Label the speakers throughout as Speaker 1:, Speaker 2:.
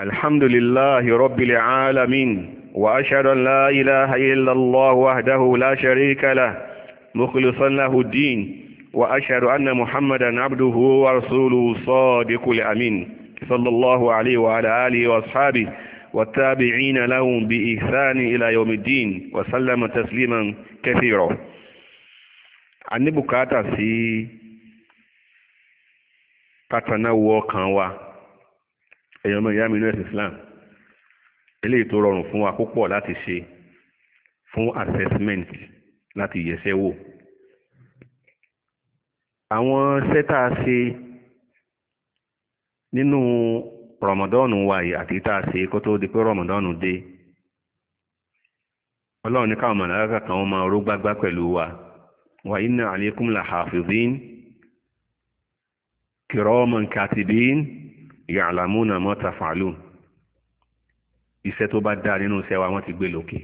Speaker 1: الحمد لله رب العالمين وأشهد أن لا إله إلا الله وحده لا شريك له مخلصا له الدين وأشهد أن محمدا عبده ورسوله صادق الأمين صلى الله عليه وعلى آله وأصحابه والتابعين لهم بإحسان إلى يوم الدين وسلم تسليما كثيرا عن بكاتا سي كتنوى كان ẹ̀yàn ọmọ ìyá mi ní ẹ̀sìn Islam eléyìí tó rọrùn fún wa púpọ̀ láti ṣe fún assessment láti yẹ̀sẹ̀ wò àwọn sẹ́tà ṣe nínú rọmọdọ́ọ̀nù wa yìí àti tá a ṣe kó tó di pé rọmọdọ́ọ̀nù dé ọlọ́run ní káwọn màláíkà kan wọ́n máa ró gbágbá pẹ̀lú wa wa inna alaykum la hafizin kiraman katibin ya'lamuna ma taf'alun iṣẹ́ tó bá dáa nínú iṣẹ́ wa wọ́n ti gbé lókè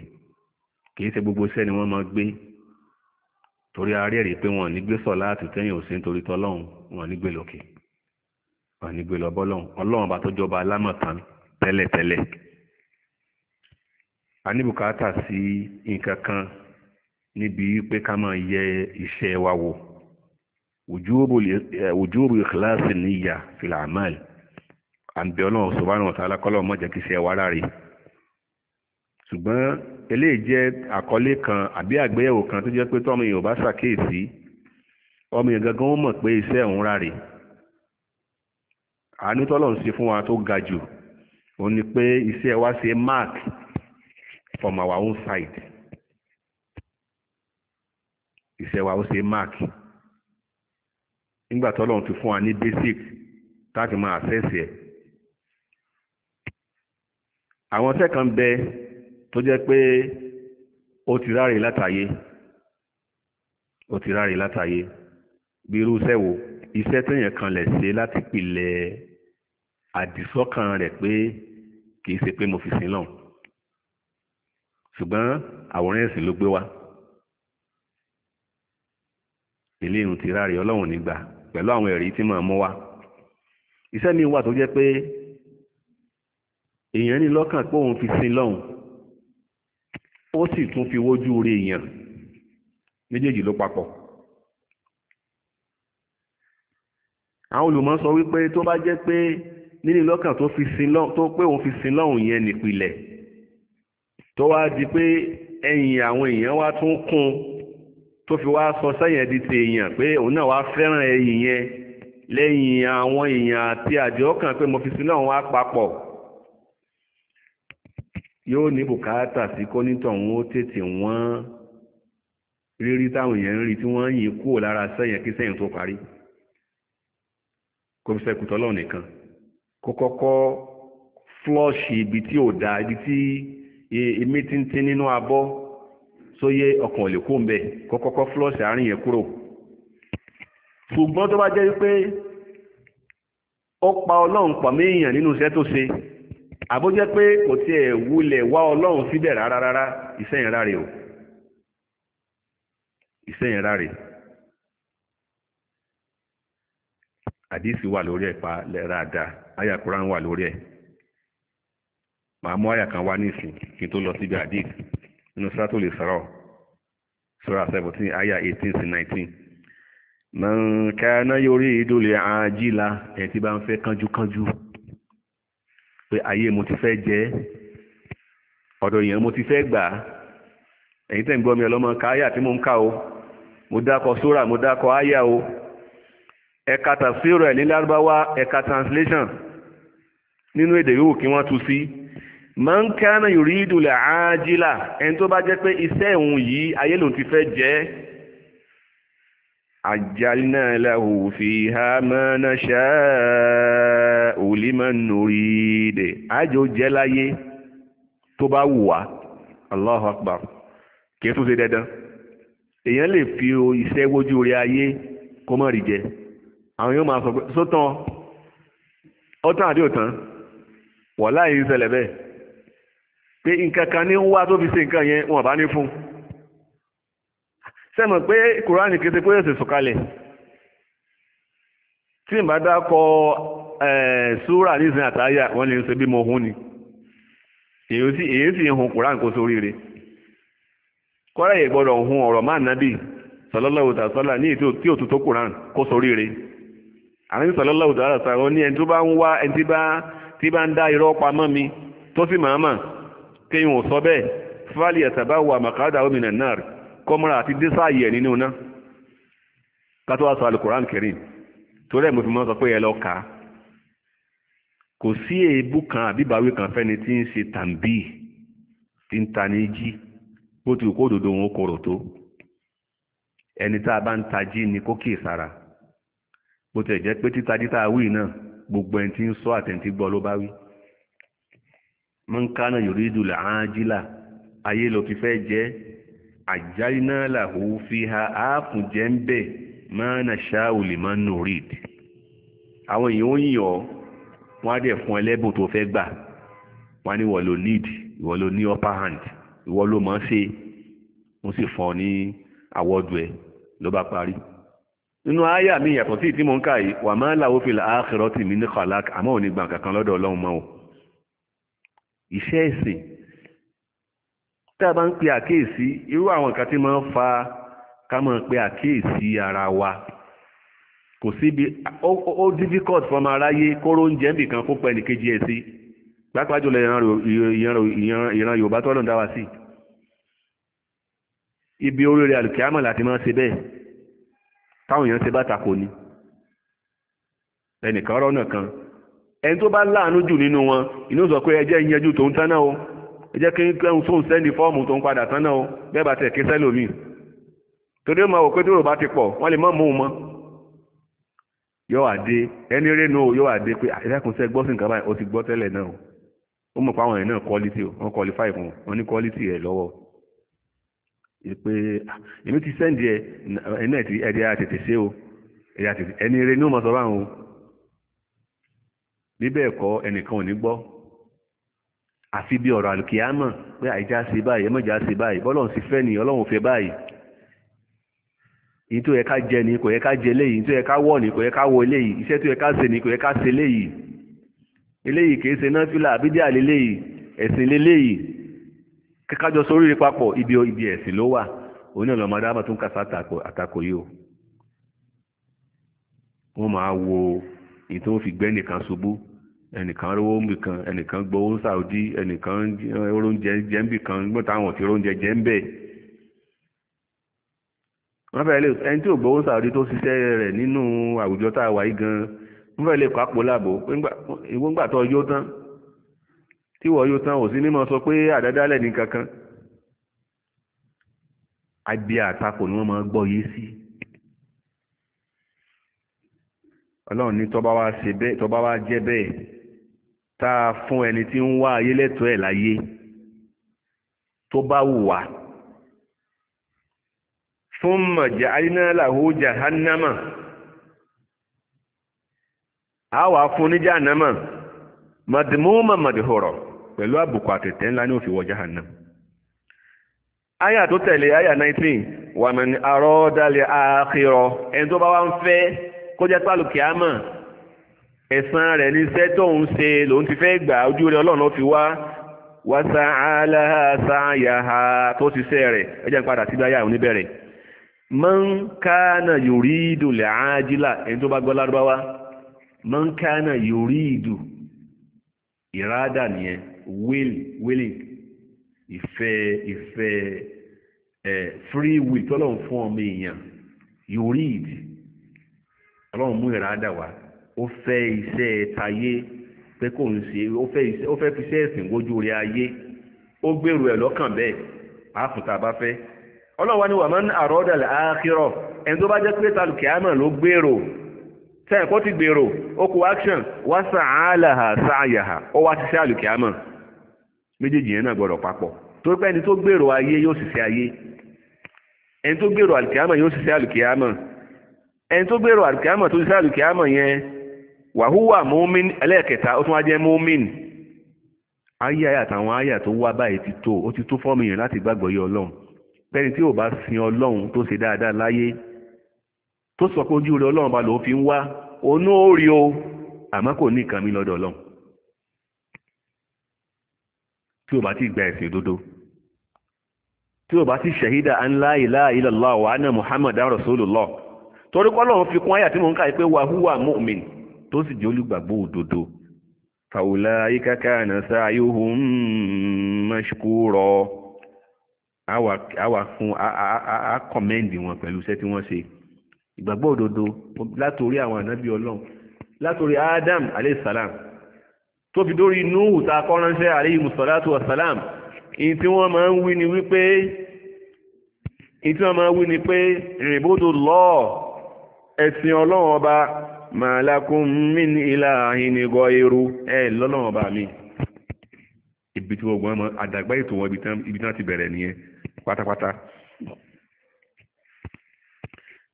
Speaker 1: kì í ṣe gbogbo iṣẹ́ ni wọ́n máa gbé torí a rẹ́rìí pé wọ́n ní gbé sọ láti tẹ́yìn òsín torí tọ́lọ́hún wọ́n ní gbé lókè wọ́n ní gbé lọ bọ́lọ́hún ọlọ́run bá tó jọba alámọ̀tán tẹ́lẹ̀tẹ́lẹ̀ a ní bùkátà sí nǹkan kan níbi pé ká máa yẹ iṣẹ́ wa wò wùjúrù ìkìláàsì níyà fìlà àǹbẹ̀ ọlọ́run subhanahu wa ta'ala kọ́lọ́run mọ̀ jẹ́ kí iṣẹ́ wa ráre ṣùgbọ́n eléyìí jẹ́ àkọlé kan àbí àgbéyẹ̀wò kan tó jẹ́ pé tọ́mọ èèyàn bá ṣàkíyèsí ọmọ èèyàn gangan ó mọ̀ pé iṣẹ́ òun ráre àánú tọ́lọ́run ṣe fún wa tó ga jù ó ní pé iṣẹ́ wa ṣe mark from our own side iṣẹ́ wa ó ṣe mark nígbà tọ́lọ́run ti fún wa ní basic láti máa assess àwọn iṣẹ́ kan bẹ tó jẹ́ pé ó ti ráre látàyé ó ti ráre látàyé bí irú iṣẹ́ wo iṣẹ́ téèyàn kan lè ṣe láti pilẹ̀ àdìsọ́kàn rẹ̀ pé kì í ṣe pé mo fi sin lọ́hùn ṣùgbọ́n àwòrán ẹ̀sìn ló gbé wá ilé ìrùn ti ráre ọlọ́run nígbà pẹ̀lú àwọn ẹ̀rí tí màá mú wá iṣẹ́ mi wà tó jẹ́ pé èèyàn ní lọ́kàn pé òun fi sin lọ́hùn ó sì tún fi wójú rí èèyàn méjèèjì ló papọ̀ àwọn olùmọ̀ sọ wípé tó bá jẹ́ pé nínú lọ́kàn tó fi sin lọ́hùn tó pé òun fi sin lọ́hùn yẹn nípìlẹ̀ tó wá di pé ẹ̀yìn àwọn èèyàn wá tún kún tó fi wá sọ sẹ́yìn di ti èèyàn pé òun náà wá fẹ́ràn ẹ̀yìn yẹn lẹ́yìn àwọn èèyàn àti àjọ kan pé mo fi sin lọ́hùn wá papọ̀ yóò ní bùkátà sí kónítọ̀ wọn ó tètè wọ́n rírí táwọn èèyàn ń rí tí wọ́n yìn kúrò lára sẹ́yìn kí sẹ́yìn tó parí kó fi sẹ́kù tọ́lọ́ nìkan kó kọ́kọ́ flọ́ọ̀ṣì ibi tí ò dáa ibi tí èmi e, ti ń tín nínú abọ́ sóyé ọkàn ò lè kó ń bẹ̀ kọ́kọ́ flọ́ọ̀ṣì àárín yẹn kúrò ṣùgbọ́n tó bá jẹ́ wípé ó pa ọlọ́run pàmí èèyàn nínú iṣẹ́ tó ṣe àbójẹ́ pé kò tí ẹ̀ wulẹ̀ wá ọlọ́run síbẹ̀ rárá rárá iṣẹ́ yẹn ráre o iṣẹ́ yẹn ráre àdísì wà lórí ẹ̀ pa dáadáa àyà Kùránì wà lórí ẹ̀ màá mú àyà kan wá nísìn kí n tó lọ síbi àdísì nínú sátó lè sọ̀rọ̀ sura 17 àyà 18 sí 19 man kana yuridu li'ajila ẹ̀ tí bá ń fẹ́ kánjúkánjú pé ayé mo ti fẹ́ jẹ́ ọ̀dọ̀ èèyàn mo ti fẹ́ gbà á ẹ̀yin tẹ̀ ń gbọ́ mi ọlọ́mọ ká tí mo ń kà o mo dákọ sóra mo dákọ áyà o ẹ̀ka tàfsírò ẹ̀ ní lárúbáwá ẹ̀ka translation nínú èdè yòówù kí wọ́n tú sí man kana yuridu la'ajila ẹni tó bá jẹ́ pé iṣẹ́ òun yìí ayé lòun ti fẹ́ jẹ́ عجلنا له فيها ما نشاء لمن نريد ajo jelaye tó bá wù wá Allahu Akbar ke tún ṣe dandan èyàn lè fi iṣẹ́ wojú rẹ̀ ayé kó má rí jẹ àwọn yóò máa sọ pé sótán ọtán àbí òtán wọ̀ láì ń ṣẹlẹ̀ bẹ́ẹ̀ pé nǹkan kan ní ń wá tó fi ṣe nǹkan yẹn wọn bá ní fún un sẹ́mọ̀ pé kùránì kété pé yóò sì sọ̀kalẹ̀ tí ṣúra ní ìsìn àtàyà wọ́n lè ṣe ni èyí sì hun kùránì kó sórí gbọ́dọ̀ hun ọ̀rọ̀ máa nábì ní tí kùránì kó sórí àwọn ní ẹni tó ń wá ẹni tí ń dá irọ́ kọ́mọ́ra àti désáàyè nínú náà kátó wá sọ alukoran kẹrin torí ẹ̀ mo fi mọ́ sọ pé ẹ lọ kà á kò sí èébú kan àbíbáwí kan fẹ́ni tí ń ṣe tàǹbì tí ń ta ní jí bó ti kó òdòdó wọn korò tó ẹni tá a bá ń tají ni kó kì í bó ti jẹ́ pé títají tá a wí náà gbogbo ẹni tí ń sọ àtẹ̀ntí gbọ́ ló bá wí mọ́ńkánà yorùdùlà ájílà ayé ló ti fẹ́ jẹ́ àjálínà làhù fi ha áàfùn jẹ́ ń bẹ̀ máa nà ṣáàwù lè máa nù rìd àwọn èèyàn ó yìn ọ́ wọ́n á dẹ̀ fún ẹlẹ́bùn tó fẹ́ gbà wọ́n á ní ìwọ ló lead ìwọ ló ní upper hand ìwọ ló mọ̀ ọ́n ṣe wọ́n sì fún ní àwọ́dù ẹ̀ ló bá parí nínú àyà mi yàtọ̀ sí ìtí mo ń kà yìí wà máa ń làwọ́ fi àkhírọ́tì mi ní kọ̀láàkì àmọ́ òní gbàǹkà kan lọ́dọ̀ ọlọ́run mọ́ o iṣẹ́ ẹ̀sìn tá a bá ń pe àkíyèsí irú àwọn nǹkan tí máa ń fa ká máa pe àkíyèsí ara wa kò síbi ó difficult fọmọ aráyé kóró oúnjẹ ń bìkan kó pẹ́ nìkejì ẹ̀ sí pàápàá jùlọ ìran Yorùbá tọ́lọ̀ ń dá wa sí ibi oríire àlùkìámọ̀ láti máa ṣe bẹ́ẹ̀ táwọn èèyàn ṣe bá tako ni ẹnìkan ọ̀rọ̀ náà kan ẹni tó bá láàánú jù nínú wọn inú sọ pé ẹjẹ́ ìyẹnjú tó ń tán náà o ẹ jẹ́ kí ẹ̀hún tó ń sẹ́ndì fọ́ọ̀mù tó ń padà tán náà o bẹ́ẹ̀ bá tẹ̀ ké sẹ́lòmíì torí ó máa wò pé tó rò bá ti pọ̀ wọ́n lè mọ́ mú un mọ́ yóò wà ẹni rénu o yóò wà pé ẹ̀dákùnsẹ́ gbọ́ sí báyìí o ti gbọ́ tẹ́lẹ̀ náà ó mọ̀ pé àwọn èèyàn náà quality o wọ́n qualify fún wọn ní quality ẹ̀ lọ́wọ́ pé èmi ti sẹ́ndì ẹ̀ ẹ̀nà ẹ̀tì ẹ̀dì ara tètè ṣe o ẹni rénu mọ̀ sọ báwọn o bí bẹ́ẹ̀ ẹnìkan ò ní gbọ́ àfi bí ọ̀rọ̀ àlùkìyámọ̀ pé àìjá ṣe báyìí ẹmọ́jà ṣe báyìí bọ́lọ́run sì fẹ́ ni ọlọ́run fẹ́ báyìí èyí tó yẹ ká jẹ ni kò yẹ ká jẹ léyìí tó yẹ ká wọ̀ ni kò yẹ ká wọ̀ léyìí iṣẹ́ tó yẹ ká ṣe ni kò yẹ ká ṣe léyìí eléyìí kìí ṣe náfìlà àbídíà léléyìí ẹ̀sìn léléyìí kíkájọ sórí rí papọ̀ ibi ibi ẹ̀sìn ló wà òun náà lọ́mọdé àbá tó ń kásá àtakò yìí o wọ́n máa wo èyí fi gbẹ́ nìkan ṣubú ẹnìkan rówó ń bì kan ẹnìkan gbowó Saudi ẹnìkan oróúnjẹ jẹ ń bì kan nígbà táwọn ò ti oróúnjẹ jẹ ń bẹ̀. wọ́n fẹ́ lè ẹni tí ò gbowó Saudi tó ṣiṣẹ́ rẹ̀ nínú àwùjọ tá a wà yìí gan-an wọ́n fẹ́ lè kọ́ àpò láàbò ìwọ ń gbà tó yóò tán tí wọ́n yóò tán ò sí mímọ́ sọ pé àdádálẹ̀ ní kankan àbí àtakò ni wọ́n máa gbọ́ yé sí ọlọ́run ní tọ́ba wá jẹ́ bẹ́ẹ̀ tá fun fún ẹni tí ń wá ayé lẹ́tọ̀ọ́ ẹ̀ láyé tó bá wù wá thumma ja'alna lahu jahannama a wà fún ní jahannama madmuma madhura pẹ̀lú àbùkù àtẹ̀tẹ̀ ńlá ní òfin wọ aya tó tẹ̀lé aya 19 wàmìn arọ́dálẹ̀ àkírọ̀ ẹni tó bá wá ń fẹ́ kó jẹ́ pálùkì àmọ́ ẹ̀san rẹ̀ ní iṣẹ́ tó ń ṣe lòun ti fẹ́ gbà ojú rẹ̀ ọlọ́run fi wá wá sàálà sàáyàhà tó ti ṣe rẹ̀ ẹ jẹ́ n padà sí báyà oníbẹ̀rẹ̀ mọ́ńkánà yòrídù làájílà ẹni tó bá gbọ́ lárúbáwá mọ́ńkánà yòrídù ìrádà nìyẹn will willing ìfẹ́ ìfẹ́ ẹ̀ free will tọ́lọ́run fún ọmọ èèyàn yòrídù ọlọ́run mú ìrádà wá ó fẹ́ iṣẹ́ tayé pé kò ń ṣe ó fẹ́ fi iṣẹ́ ẹ̀sìn wojú rẹ̀ ayé ó gbèrò ẹ̀ lọ́kàn bẹ́ẹ̀ àfùtà bá fẹ́ ọlọ́wà ni wà máa àkírọ̀ ẹni tó bá jẹ́ pé tàlùkì àmà ló gbèrò tẹ́ẹ̀kọ́ ti gbèrò okò action wá sàálàhà sáàyàhà ó wá ti sẹ́ àlùkì méjèèjì yẹn náà gbọ́dọ̀ papọ̀ tó pé ẹni tó gbèrò ayé yóò sì ayé ẹni tó gbèrò yóò ẹni tó gbèrò wàhúwà mọ́mìn ẹlẹ́ẹ̀kẹta ó tún wá jẹ́ mọ́mìn ayé ayé àtàwọn ayé tó wá báyìí ti tó ó ti tó fọ́ọ̀mù yẹn láti gbàgbọ́ yé ọlọ́run bẹ́ẹ̀ni tí ò bá sin ọlọ́run tó ṣe dáadáa láyé tó sọ pé ojú rẹ ọlọ́run bá lòun fi ń wá onú orí o àmọ́ kò ní ìkànnì lọ́dọ̀ ọlọ́run tí ò bá ti gba ẹ̀sìn òdodo tí ò bá ti ṣẹ̀hídà an la ilaha illallah wa anna muhammadan rasulullah torí kọ́ lọ́run fi kún ayé àti mò ń kà yí pé wàhúwà mu'min tó sì jẹ́ olùgbàgbọ́ òdodo fàwùlà ayíkáká ànàsá ayóhùn mọ́ṣúkúrọ̀ àwà fún a kọ̀mẹ́ǹdì wọn pẹ̀lú iṣẹ́ tí wọ́n ṣe ìgbàgbọ́ òdodo látòrí àwọn ànábì ọlọ́run látòrí Adam aleyhisalaam tó fi dórí Nuhu ta kọ́ránṣẹ́ aleyhimusalatu wasalaam èyí tí wọ́n máa ń wí ni wípé èyí tí wọ́n máa ń wí ni pé ìrìnbódò lọ́ọ̀ ẹ̀sìn ọlọ́run ọba ma lakum min ilahin ghayru ẹ̀ lọ́nà ọba mi ibi tí gbogbo ọmọ àdàgbà ètò wọn ibi tí wọ́n ti bẹ̀rẹ̀ nìyẹn pátápátá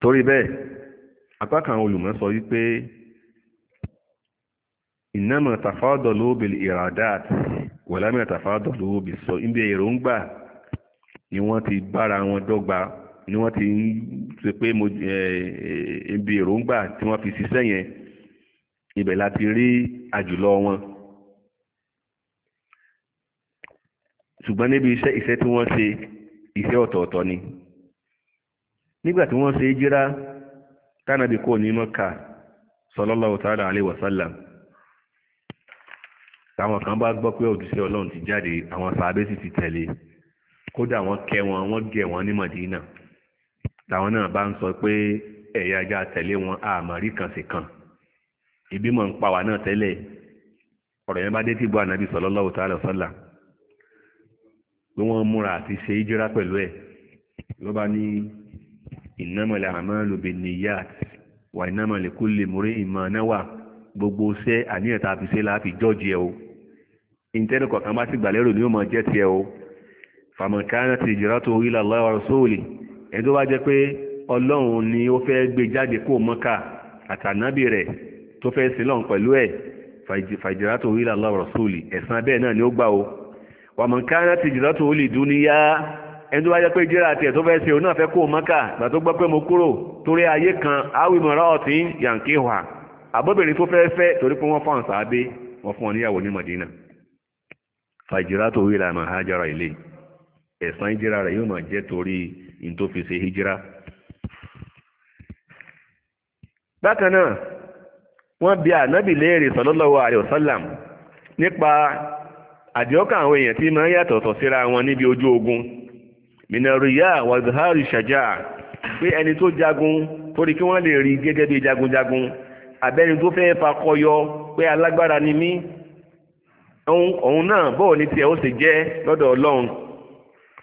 Speaker 1: torí bẹ́ẹ̀ apá sọ olùmọ̀ sọ wípé ìnámọ̀ tàfádọ̀lú ati iradat wọ̀lámẹ̀ tàfádọ̀lú bil sọ ibi èròǹgbà ni wọ́n ti bára wọn dọ́gba ni wọ́n ti ń ṣe pé mo ibi èròǹgbà tí wọ́n fi ṣiṣẹ́ yẹn ibẹ̀ láti rí àjùlọ wọn ṣùgbọ́n níbi iṣẹ́ iṣẹ́ tí wọ́n ṣe iṣẹ́ ọ̀tọ̀ọ̀tọ̀ ni nígbà tí wọ́n ṣe jíra tánàbí kò ní mọ́ka sallallahu ta'ala alaihi wasallam táwọn kan bá gbọ́ pé òjíṣẹ́ ọlọ́run ti jáde àwọn sàábé ti tẹ̀lé kódà wọ́n kẹ́ wọn wọ́n gẹ̀ wọ́n ní Madina làwọn náà bá ń sọ pé ẹ̀yà ajá tẹ̀lé wọn àmọ́rí kan sí kan ibi mọ̀ ń pa wà náà tẹ́lẹ̀ ọ̀rọ̀ yẹn bá dé tí gbọ́ ànábì sallallahu ta'ala sọ́là pé wọ́n múra àti ṣe ìjírá pẹ̀lú ẹ̀ ló bá ní innamal a'malu binniyat wa innama likulli imri'in ma nawa gbogbo ṣẹ́ àníyàn tá a fi ṣe láàfi jọ́ọ̀jì ẹ̀ o ìǹtẹ́nu kọ̀ọ̀kan bá ti gbàlérò ní ó jẹ́ tiẹ̀ o faman kanat hijratuhu ila Allah wa ẹ̀ tó jẹ́ pé ọlọ́run ni ó fẹ́ gbé jáde kó mọ́kà àtànábì rẹ̀ tó fẹ́ sí lọ́n pẹ̀lú ẹ̀ fàjìrà tó rí rọ̀súlì ẹ̀sán bẹ́ẹ̀ náà ni ó gbà o wàmọ̀ káyọ̀ ti jìrà tó lè dún níyà ẹni jẹ́ pé fẹ́ sí òun náà fẹ́ kó mo kúrò torí ayé kan áwì mọ̀rá ọ̀tí yànkí wà àbọ̀bìnrin tó fẹ́ fẹ́ torí pé wọ́n fọ́n wọ́n fún ọ ẹ̀san hijira rẹ̀ yóò máa jẹ́ torí in tó fi ṣe hijira bákan náà wọ́n bi ànábì léèrè sallallahu alaihi wasallam nípa àdìọ́kà àwọn èèyàn tí máa ń yàtọ̀tọ̀ síra wọn níbi ojú ogun minariya wazahari shaja pé ẹni tó jagun torí kí wọ́n lè rí gẹ́gẹ́ bí jagunjagun abẹ́ni tó fẹ́ fakọyọ pé alágbára ni mí òun náà bọ́ọ̀ ní tiẹ̀ ó sì jẹ́ lọ́dọ̀ ọlọ́run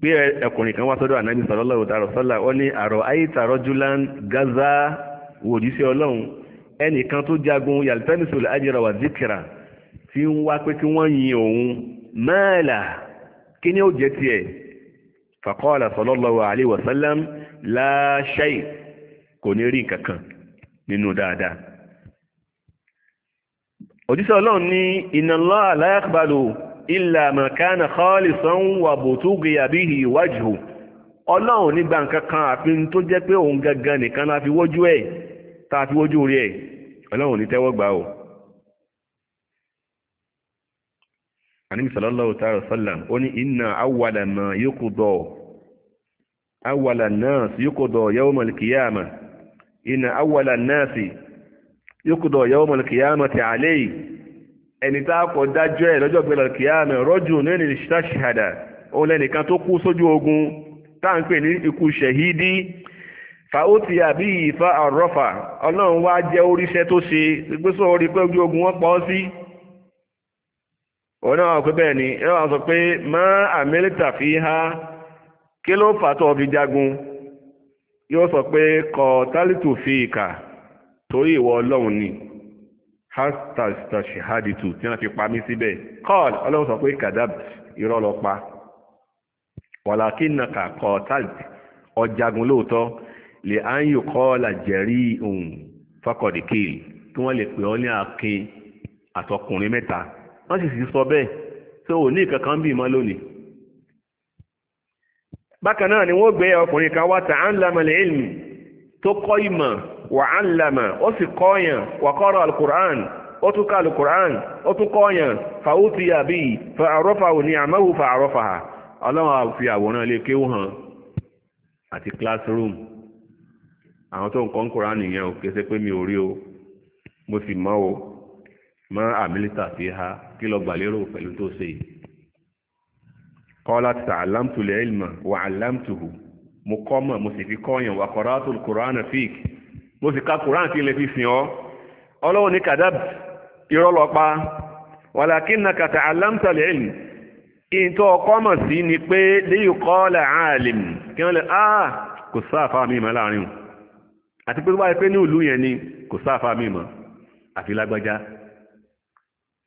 Speaker 1: pé ẹkùnrin kan wá sọ́dọ̀ ànábì sallallahu ta'ala sọ́là ó ní àrọ̀ àyíta rajulan gaza wòjíṣẹ́ ọlọ́run ẹnìkan tó jagun yaltamisul ajra wa zikra tí ń wá pé kí wọ́n yin òun mẹ́ẹ̀là kí ni ó jẹ́ tiẹ̀ faqala sallallahu alayhi wa sallam la shay kò ní rí kankan nínú dáadáa òjíṣẹ́ ọlọ́run ní inna illa ma kana khalisan wa butughiya bihi wajhu ọlọ́run nígbà nǹkan kan àfin tó jẹ́ pé òun gangan nìkan la fi wójú ẹ̀ ta fi wójú rí ẹ̀ ọlọ́run ní tẹ́wọ́ gbà ó Ànábì sallallahu ta'ala sallam ó ní inna awwala ma yuqda awwala an ẹni tá a kọ dájọ́ ẹ̀ lọ́jọ́ gbẹ̀lẹ̀ kìíyàmẹ̀ rọ́jù lẹ́ni ìṣàṣàdà òun lẹ́nìkan tó kú sójú ogun tá à ń pè ní ikú ṣẹ̀hídí fàótì àbí ìfà àrọfà ọlọ́run wá jẹ́ oríṣẹ́ tó ṣe pé ogun wọn pa sí òun náà pé bẹ́ẹ̀ ni ẹ sọ pé fi há kí ló fà tó sọ pé tálítù fi ìkà torí ìwọ ọlọ́run ni. hasta istashhaditu tí wọ́n fi pa mí síbẹ̀ kọ́ọ̀lù ọlọ́run sọ pé kadab irọ́ lọ pa wàlákínàkà kọ́ọ̀tàlt ọjàgùn lóòótọ́ lè á ń yò kọ́ọ̀là jẹ̀rí ohun fakọ̀dìkìlì kí wọ́n lè pè ọ́ ní akin àtọkùnrin mẹ́ta wọ́n sì sì sọ bẹ́ẹ̀ tó ò ní ìkankan bí mọ́ ni wọ́n gbé ọkùnrin kan wá ta á ilmi tó kọ́ ìmọ̀ wà á làmà ó sì kọ́ yàn wà kọ́rọ̀ alukur'an ó tún ká alukur'an ó tún kọ́ yàn fa ó ti yàbí fa àrọ́fà ò ní àmọ́wò fa àrọ́fà ọlọ́run àfi àwòrán ilé kéwù hàn àti classroom àwọn tó ń kọ́ ń nìyẹn o kése pé mi ò rí o mo sì mọ́ o mọ́ àmìlítà fi ha kí lọ gbà pẹ̀lú tó ṣe yìí kọ́lá tààlámtulẹ̀ ìlmà wà àlámtuhù mo kọ́ mọ̀ mo sì fi kọ́yàn wà qara'atul Qur'ana fíìk mo sì ka Qur'an tí ilẹ̀ fi sìn ọ́ ọlọ́run ní kadab irọ́ lọ pa walakinnaka ta'allamta al-ilm ìtọ́ ọkọ́ mọ̀ sí ni pé léyìn kọ́ọ̀lẹ̀ àálìm kí wọ́n lè áà ah, kò sáàfà mímọ̀ láàrin àti pé wáyé pé ní ìlú yẹn ni kò sáàfà mímọ̀ àfi lágbájá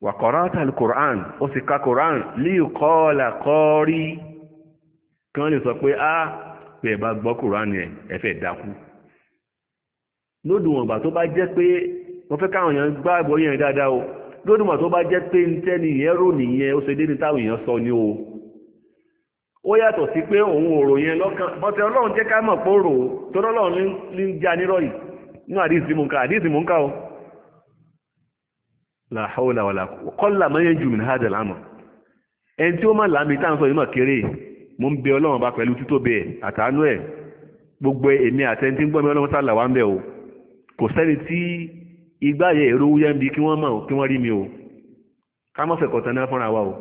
Speaker 1: wà kọ́ráta al-Qur'an ó sì ka Qur'an léyìn kọ́ọ̀lẹ̀ kọ́ọ̀rí kí wọ́n lè sọ pé áà ah, pé ẹ bá gbọ́ kùránì ẹ̀ ẹ fẹ́ dákú lódùwọ̀nba tó bá jẹ́ pé wọ́n fẹ́ káwọn èèyàn gbá ìbọn yẹn dáadáa o lódùwọ̀n tó bá jẹ́ pé ntẹ́ni yẹn rò nìyẹn ó ṣe déédéé táwọn èèyàn sọ ni o ó yàtọ̀ sí pé òun òrò yẹn lọ́kàn bọ́tẹ̀ ọlọ́run jẹ́ ká mọ̀ pé òrò tọ́lọ́ ọlọ́run ní já nírọ̀ yìí nínú àdìsí mú ká àdìsí mú ká o làhàwọ̀làwọ̀là kọ́là mọ́yẹ́n jù mí ní hádẹ̀ lámọ̀ ẹni tí ó má làmì táwọn sọ yìí mọ̀ kéré yìí mo ń bẹ ọlọ́run bá pẹ̀lú títóbi ẹ̀ àtàánú ẹ̀ gbogbo èmi àtẹni tí ń gbọ́ mi ọlọ́run sálà wá ń bẹ̀ o kò sẹ́ni tí igbá yẹ èrò wúyẹ́ ń bi kí wọ́n mọ̀ kí wọ́n rí mi o ká mọ̀ fẹ̀kọ̀ tán náà fúnra wa o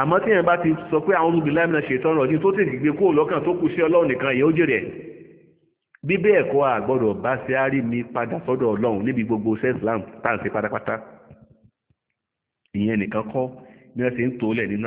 Speaker 1: àmọ́ tí yẹn bá ti sọ pé àwọn olùgbé láìmínà ṣètò ọ̀rọ̀ ní tó tètè gbé kó lọ́kàn tó kù sí ọlọ́run nìkan yẹn ó jèrè bí bẹ́ẹ̀ mi padà sọ́dọ̀ ọlọ́run níbi gbogbo ṣẹ́ islam tá à ń ṣe pátápátá ìyẹn nìkan kọ́ bí wọ́n ṣe ń tolẹ̀ nínú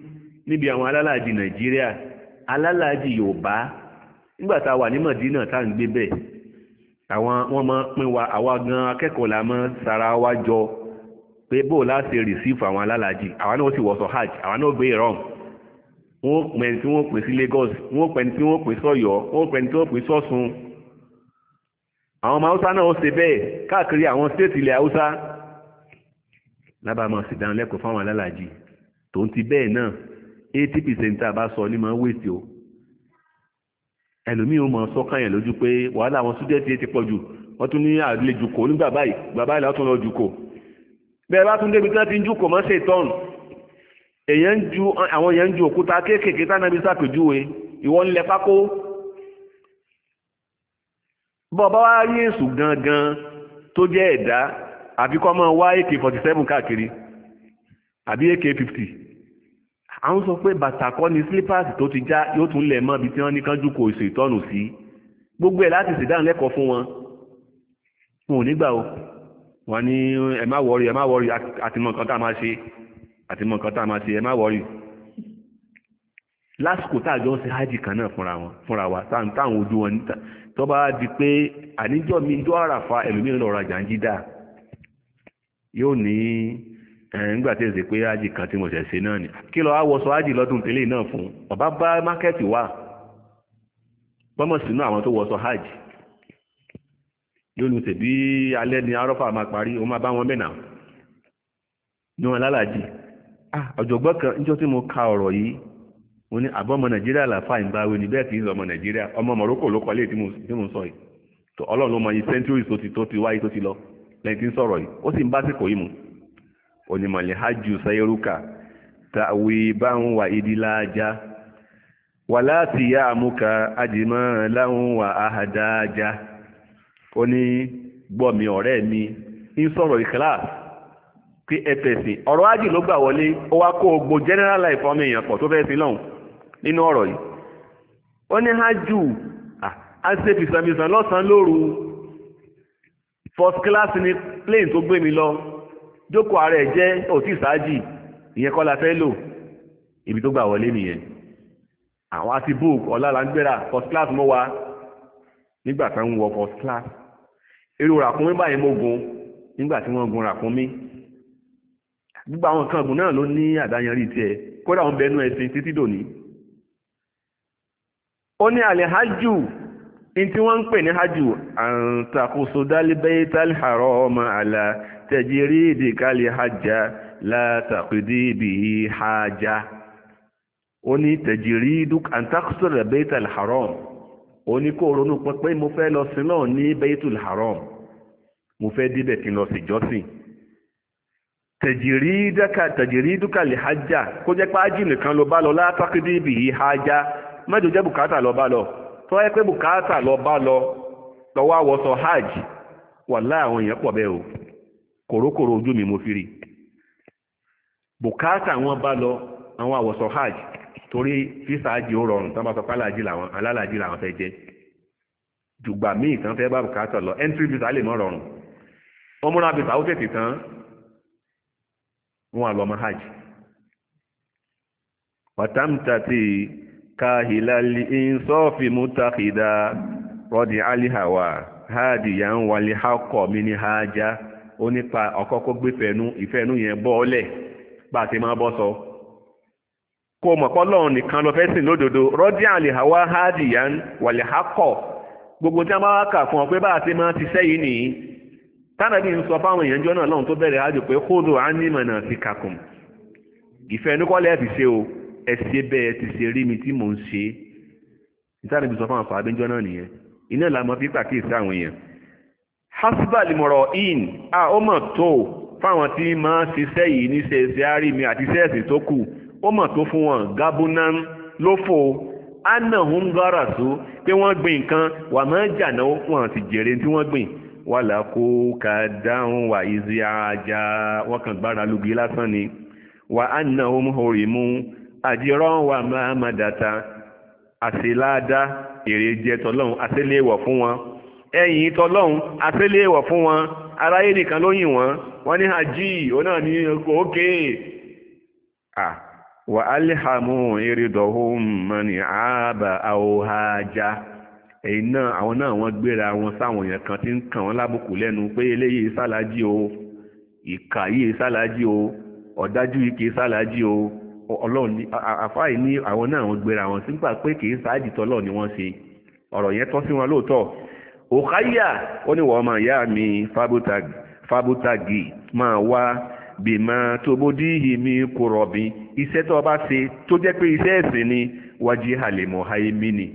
Speaker 1: níbi àwọn alálàájì nàìjíríà alálàájì yorùbá nígbà tá a wà ní mọ̀dínà tá à ń gbé bẹ́ẹ̀ àwọn wọ́n máa pín wa àwa gan akẹ́kọ̀ọ́ la máa sara wa jọ pé bó o láti rìsífù àwọn alálàájì àwa náà sì wọ̀sọ̀ hajj àwa náà gbé ìrọ̀m wọ́n pẹ̀ni tí wọ́n pè sí Lagos wọ́n pẹ̀ni tí wọ́n pè sọ́yọ́ wọ́n pẹ̀ni tí wọ́n pè sọ́sùn àwọn ọmọ haúsá náà ṣe bẹ́ẹ̀ káàkiri àwọn stéètì ilẹ̀ haúsá lábàámọ̀ sì dánilẹ́kọ̀ọ́ fáwọn alálàájì tó ń ti bẹ́ẹ̀ náà eighty percent tá a bá sọ ní máa wéètì o ẹlòmíì ó mọ sọ́kàn yẹn lójú pé wàhálà àwọn súdẹ́ẹ̀tì ti pọ̀ jù wọ́n tún ní àlè jùkò nígbà báyìí bàbá ìlà tún lọ jùkò bẹ́ẹ̀ bá tún débi tí wọ́n ti ń jùkò mọ́ ṣe tọ́n èèyàn ń ju àwọn èèyàn ń ju òkúta kéékèèké tánàbí sàpèjúwe ìwọ ń lẹ pákó bọ́ bá wá rí èsù gangan tó jẹ́ ẹ̀dá àfikọ́ máa wá ak forty seven káàkiri àbí ak fifty àwọn sọ pé bàtà kọ́ ni slippers tó ti já yóò tún lẹ̀ mọ́ ibi tí wọ́n ní kánjú kò èso ìtọ́nù sí gbogbo ẹ̀ láti ṣèdáhùn lẹ́kọ̀ọ́ fún wọn wọn ò nígbà o wọn ní ẹ má wọrí ẹ má wọrí àtìmọ̀ nǹkan tá a máa ṣe àtìmọ̀ nǹkan tá a máa ṣe ẹ má wọrí lásìkò tá a jọ ń ṣe hájì kan náà fúnra wọn fúnra wa táwọn ojú wọn níta tó bá di pé àníjọ́ mi ijó àràfà ẹlòmíràn lọ́ọ́ rajà ń jí dáa yóò ní e tí pé ájì kan tí mo ṣẹ̀ ṣe náà ni kí lọ awọ́sọ ájì lọ́dún tẹ́lẹ̀ náà fún ọba bá mákẹ́ẹ̀tì wà bọ́mọ̀ sínú àwọn tó hajj alẹ́ ni arọ́fà máa parí o máa bá wọn bẹ̀nà ní wọn lálàjì ah, ọ̀jọ̀gbọ́n kan níjọ́ tí mo ka ọ̀rọ̀ yìí mo ní àbọ̀ ọmọ nàìjíríà làfà ni bẹ́ẹ̀ kì í ọmọ nàìjíríà ọmọ morocco ló mo sọ yìí ọlọ́run ló mọ iye centuries onímọ̀lẹ̀ hajj sayruka tàwí báhùn wà ìdílájá wà láti yá àmúka ajìmọ́ láhùn wà áhàdájá ó ní gbọ́mi ọ̀rẹ́ mi ń sọ̀rọ̀ ìkíláàsì pé ẹ̀tẹ̀sìn ọ̀rọ̀ ajì ló gbà wọlé ó wá kó gbogbo general life ọmọ èèyàn pọ̀ tó fẹ́ sí lọ́hùn nínú ọ̀rọ̀ yìí ó ní hajj àṣepìsàmìsàn plane tó gbé mi jókòó ara ẹ̀ jẹ́ òtí ìsáájì ìyẹn kọ́ la fẹ́ lò ibi tó gbà wọlé nìyẹn àwọn àti book ọ̀làlàgbẹ́ra first class mọ́ wa nígbà tá ń wọ first class èrò ràkúnmí báyìí mo gun nígbà tí wọ́n gun ràkúnmí gbogbo àwọn nǹkan ọ̀gùn náà ló ní àdáyanrí tiẹ̀ kódà wọn bẹnu ẹ̀sìn títí dòní. ó ní àlẹ́ hajj in tí wọ́n ń pè ní hajj àǹtakùsù dálíbẹ́ tálí àrọ́ ọmọ àlà tẹ̀jírí ìdíkálì hajjá látàkùdí ibi hajjá ó ní tẹ̀jírí àǹtakùsù dálíbẹ́ tálí àrọ́ ó ní kó ronú pé mo fẹ́ lọ sí náà ní bẹ́tùl haram mo fẹ́ débẹ̀ kí n lọ sí jọ́sìn tẹ̀jìrí dákà tẹ̀jìrí hajjá kó jẹ́ pé nìkan ló bá lọ látàkùdí ibi hajjá mẹ́jọ bùkátà lọ bá lọ tó wáyé pé bùkátà lọ bá lọ lọ́wọ́ àwọ̀sọ hajj wà láàrin èèyàn pọ̀ bẹ́ẹ̀ o kòrókòrò ojú mi mo fi rí bùkátà wọn bá lọ àwọn àwọ̀sọ hajj torí físà hajj ó rọrùn tán bá sọ pálàjì làwọn alálàjì làwọn fẹ́ jẹ́ jùgbà míì tán fẹ́ bá bùkátà lọ entry visa lè mọ́ rọrùn wọ́n múra visa ó tètè tán wọn àlọ́ ọmọ hajj káhìlálì ìsọ́ọ̀fì mútàkìdá rọ́dì alìhàwà háàdìyà ń wàlẹ̀ hákọ̀ mi ní hájá ó nípa ọ̀kọ́kọ́ gbé fẹ̀nu ìfẹ́nu yẹn bọ́ọ̀lẹ̀ bá a ti máa bọ́ sọ kó mọ̀ pọ́lọ́run nìkan lọ fẹ́ sìn lódodo rọ́dì alìhàwà háàdìyà ń wàlẹ̀ hákọ̀ gbogbo tí a máa kà fún ọ pé bá a ti máa ti sẹ́yìn nìyí tánàbí ń sọ fáwọn èèyàn jọ náà lọ́run tó bẹ̀rẹ̀ ájò pé kódò á ní mọ̀nà sí kàkùn ìfẹ́nukọ́lẹ̀ ti ṣe o ẹ ṣe bẹ́ẹ̀ ti ṣe rí mi tí mò ń ṣe nítorí ibi sọ fún àǹfà abẹ́jọ́ náà nìyẹn iná làmọ́ fi pàkíyèsí àwọn èèyàn hasbal mọ̀rọ̀ in a ó mọ̀ tó fáwọn tí máa ṣiṣẹ́ yìí ní ṣeéṣe àárí mi àti ṣẹ́ẹ̀sì tó kù ó mọ̀ tó fún wọn gabunan lófo anahun garasu pé wọ́n gbìn nǹkan wà máa jàná wọn ti jèrè tí wọ́n gbìn wàlà kó ka dáhùn wà ìzí ajá wọn kàn gbára lùgbé lásán ni wà anahun horimu àjírọ́ wà máa máa dàta àṣìláàdá èrè jẹ tọlọ́hun àṣẹléèwọ̀ fún wọn ẹ̀yìn tọlọ́hun àṣẹléèwọ̀ fún wọn aráyé nìkan ló yìn wọn. wọ́n ní hajji òun náà ní òkè wà alìhàmù ìrìdọ̀hún mọ́ni ààbà àwòhájá ẹ̀yìn náà àwọn náà wọ́n gbéra wọn sáwọn èèyàn kan tí ń kàn wọ́n lábùkù lẹ́nu pé eléyìí sálájí o ìkà yìí sálájí o ọ̀dájú yìí kì í sálájí o ọlọ́run ní àfáì ní àwọn náà wọ́n gbéra wọn sí gbà pé kì í tọ́lọ̀ ni wọ́n ṣe ọ̀rọ̀ yẹn tọ́ sí wọn lóòótọ́ òkáyà ó ní wọ́n máa yá mi fábútàgì máa wá bìmọ̀ tó bódí ìmí kò rọ̀bì iṣẹ́ tó bá ṣe tó jẹ́ pé iṣẹ́ ẹ̀sìn ni wájú àlèmọ̀ hayemini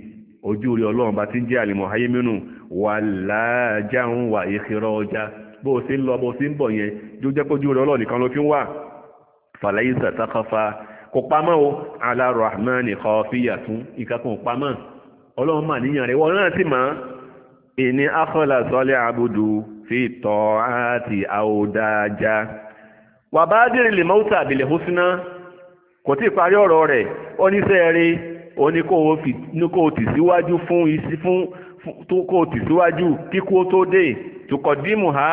Speaker 1: ojú rí ọlọ́run bá ti ń jẹ́ àlèmọ̀ hayeminu wà láàjáhùn wà ìkìrọ̀ ọjà bó o ṣe ń lọ bó o ṣe ń bọ̀ yẹn jó jẹ́ pé ojú rí ọlọ́run nìkan ló fi ń wà fàlàyé sàtàkàfà kò pamọ́ o ala rahmani khafiyatun ìkankan pamọ́ ọlọ́run mà níyàn rẹ̀ wọ́n náà sì mọ́ ìní akọ́là sọ́lẹ̀ abudu fi tọ́ àti àwòdájá wà bá dìrì lè mọ́tà àbìlẹ̀ húsínà kò tí ì parí ọ̀rọ̀ rẹ̀ ó ní sẹ́ẹ̀rí ó ní kó o tì síwájú fún isi fún kó o tì síwájú kíkó tó dé tùkọ̀ ha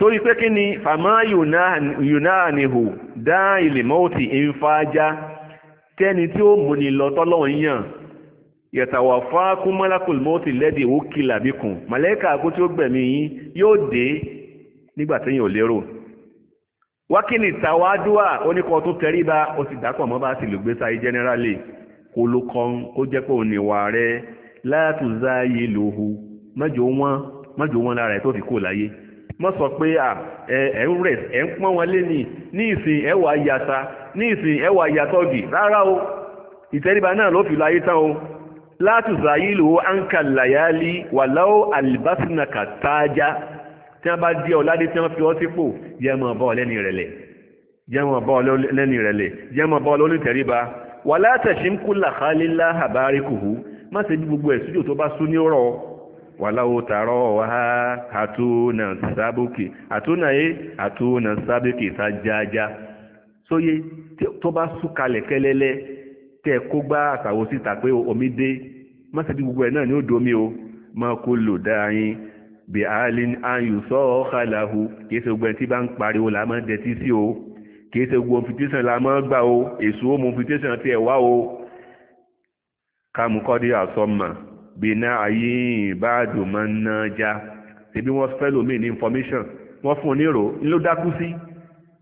Speaker 1: torí pé kí ni fàmá yunanihu dá ilé mọ́ọ̀tì ìfàájá tẹ́ni tí ó múni lọ tọ́lọ̀ yàn yẹ̀tàwà fá kún mọ́lákùn mọ́ọ̀tì lẹ́dí ó kìlà bí kùn màlẹ́kà kú tí ó gbẹ̀mí yín yóò dé nígbà téèyàn ò lérò wákìlì tàwádùá oníkan tó tẹríba ó sì dápọ̀ mọ́ bá sì lùgbésà yìí jẹ́nẹ́rálì kó ló kàn kó jẹ́ pé òun ìwà rẹ látùzáyé lòhu mọ́jọ wọn mọ́jọ wọn lára ẹ̀ tó fi kó láyé mọ́ sọ pé à ẹ̀ ń rẹ̀ ẹ̀ ń pọ́n wọn lé ní ní ìsìn ẹ̀ wà yàtà ní ìsìn ẹ̀ wà yàtọ̀gì rárá o ìtẹríba náà ló fi lọ ayé tán o látù zayílù anka layali wàláwò alibasinaka tájá tí wọ́n bá di ọ̀ládé tí wọ́n fi ọ́ sípò yẹ́ bọ́ lẹ́ni ìrẹ̀lẹ̀ yẹ́ bọ́ lẹ́ni ìrẹ̀lẹ̀ yẹ́ bọ́ lórí ìtẹríba wàlá tẹ̀sí ń kú làkálí má ṣe bí gbogbo ẹ̀sùjò tó bá sún ní ọ̀rọ̀ wàláwo tààrọ wàhá àtúnà sábòkè àtúnà yé àtúnà sábòkè sájájá sóyé tó bá súkalẹ̀ kẹ́lẹ́lẹ́ tẹ́ kó gbá àtàwọ̀ síta pé omi dé mọ́sẹ̀dí gbogbo ẹ̀ náà ní odò omi o máa kó lò dáyín bí alin ayùsọ́ ọ̀kàlàhù kìí ṣe gbogbo ẹ̀ tí bá ń pariwo là máa dẹtí sí o kìí ṣe gbogbo invitation la máa gbà o èso home invitation tiẹ̀ wá o kàmùkọ́dé àsọ̀mà bìnà ayé ìbáàdùn máa ń ná já tẹbi wọ́n fẹ́ lómi ní information wọ́n fún un nírò ló dákú sí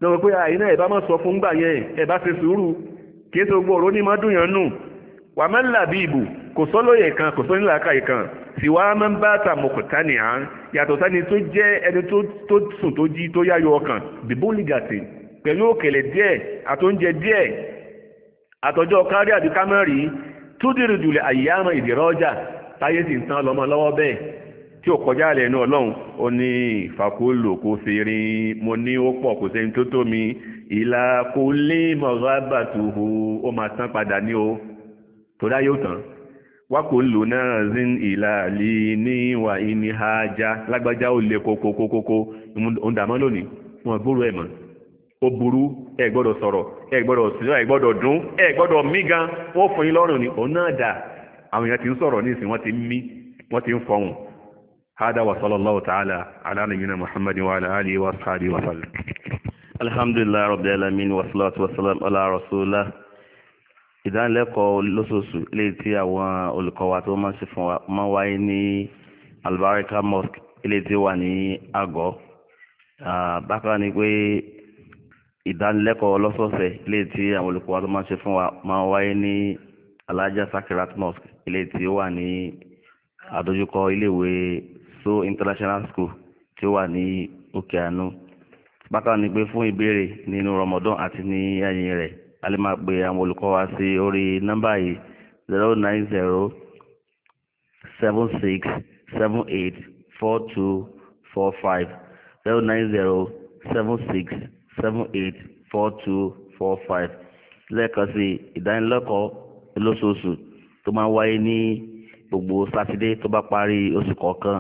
Speaker 1: lọ́wọ́ pé àyínà ẹ̀ bá mọ̀ sọ fún gbà yẹn ẹ̀ bá ṣe sùúrù kí èso gbọ́ òró ní mọ́ dùn yàn nù wà á máa ń là bí ìbò kò sọ́lóye kan kò sọ́lóye làákàyè kan sì wá máa ń bá tàmùkùtà nìyà yàtọ̀ sani tó jẹ́ ẹni tó sùn tó jí tó yáyọ ọkàn bìbó lìgàtì pẹ̀lú òkèlè díẹ̀ àtóúnjẹ díẹ̀ àtọ́jọ́ kárí àbíkámẹ́rì túdìrì jùlẹ̀ àyíyá àmọ́ ìdìrọ́jà táyé sì ń tán lọ́mọ lọ́wọ́ bẹ́ẹ̀ tí ò kọjá àlẹ́ inú ọlọ́run ó ní ìfàkólò kò fi rin mo ní ó pọ̀ kò sẹ́ni tó tó mi ìlà kò lé mọ̀rábàtúhù ó máa tán padà ní o tó dá yóò tán wá kò lò náà sí ìlà lè ní ìwà ìní ajá lágbájá ó lè kókókókókó ń dàmọ́ lónìí wọn gbúrú ẹ̀ mọ́ ó burú ẹ gbọ́dọ̀ sọ̀rọ̀ ẹ gbọ́dọ̀ sílẹ̀ ẹ gbọ́dọ̀ dún ẹ gbọ́dọ̀ mí gan ó fún yín lọ́rùn ni òun náà dà àwọn èèyàn ti ń sọ̀rọ̀ ní ìsìn wọ́n ti ń mí wọ́n ti ń fọhùn hada wa sallallahu ta'ala ala nabiyina muhammadin
Speaker 2: wa ala alihi wa sahbihi wa sallam alhamdulillah rabbil alamin wa salatu wa salam ala rasulillah ìdánilẹ́kọ̀ọ́ lóṣooṣù lè tí àwọn olùkọ́ wa tó máa ń ṣe fún wa máa wáyé ní albarika mosque ilé tí wà ní àgọ́ bákan ni pé ìdánilẹ́kọ̀ọ́ lọ́sọ̀ọ̀sẹ̀ ilé tí àwọn olùkọ́ tó máa ṣe fún wa máa wáyé ní alájà sakirat mosque ilé tí ó wà ní àdójúkọ iléèwé so international school tí ó wà ní òkè àánú bákan ni pé fún ìbéèrè nínú Ramadan àti ní ẹ̀yìn rẹ̀ a lè máa pe àwọn olùkọ́ wa sí orí nọ́mbà yìí zero nine zero seven six seven eight four two four five zero nine zero seven six seven eight four two four five lẹ́ẹ̀kan sí ìdánilẹ́kọ̀ọ́ lóṣooṣù tó máa ń wáyé ní gbogbo sátidé tó bá parí oṣù kọ̀ọ̀kan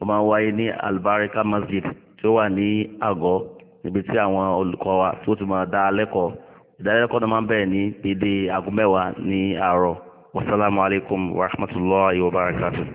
Speaker 2: ó máa wáyé ní albarika masjid tó wà ní àgọ́ níbi tí àwọn olùkọ́ wa tó ti máa dá lẹ́kọ̀ọ́ ìdálẹ́kọ̀ọ́ náà máa ń bẹ̀rẹ̀ ní dédé aago mẹ́wàá ní àárọ̀ wasalaamualeykum wa rahmatulahi wa barakatuh.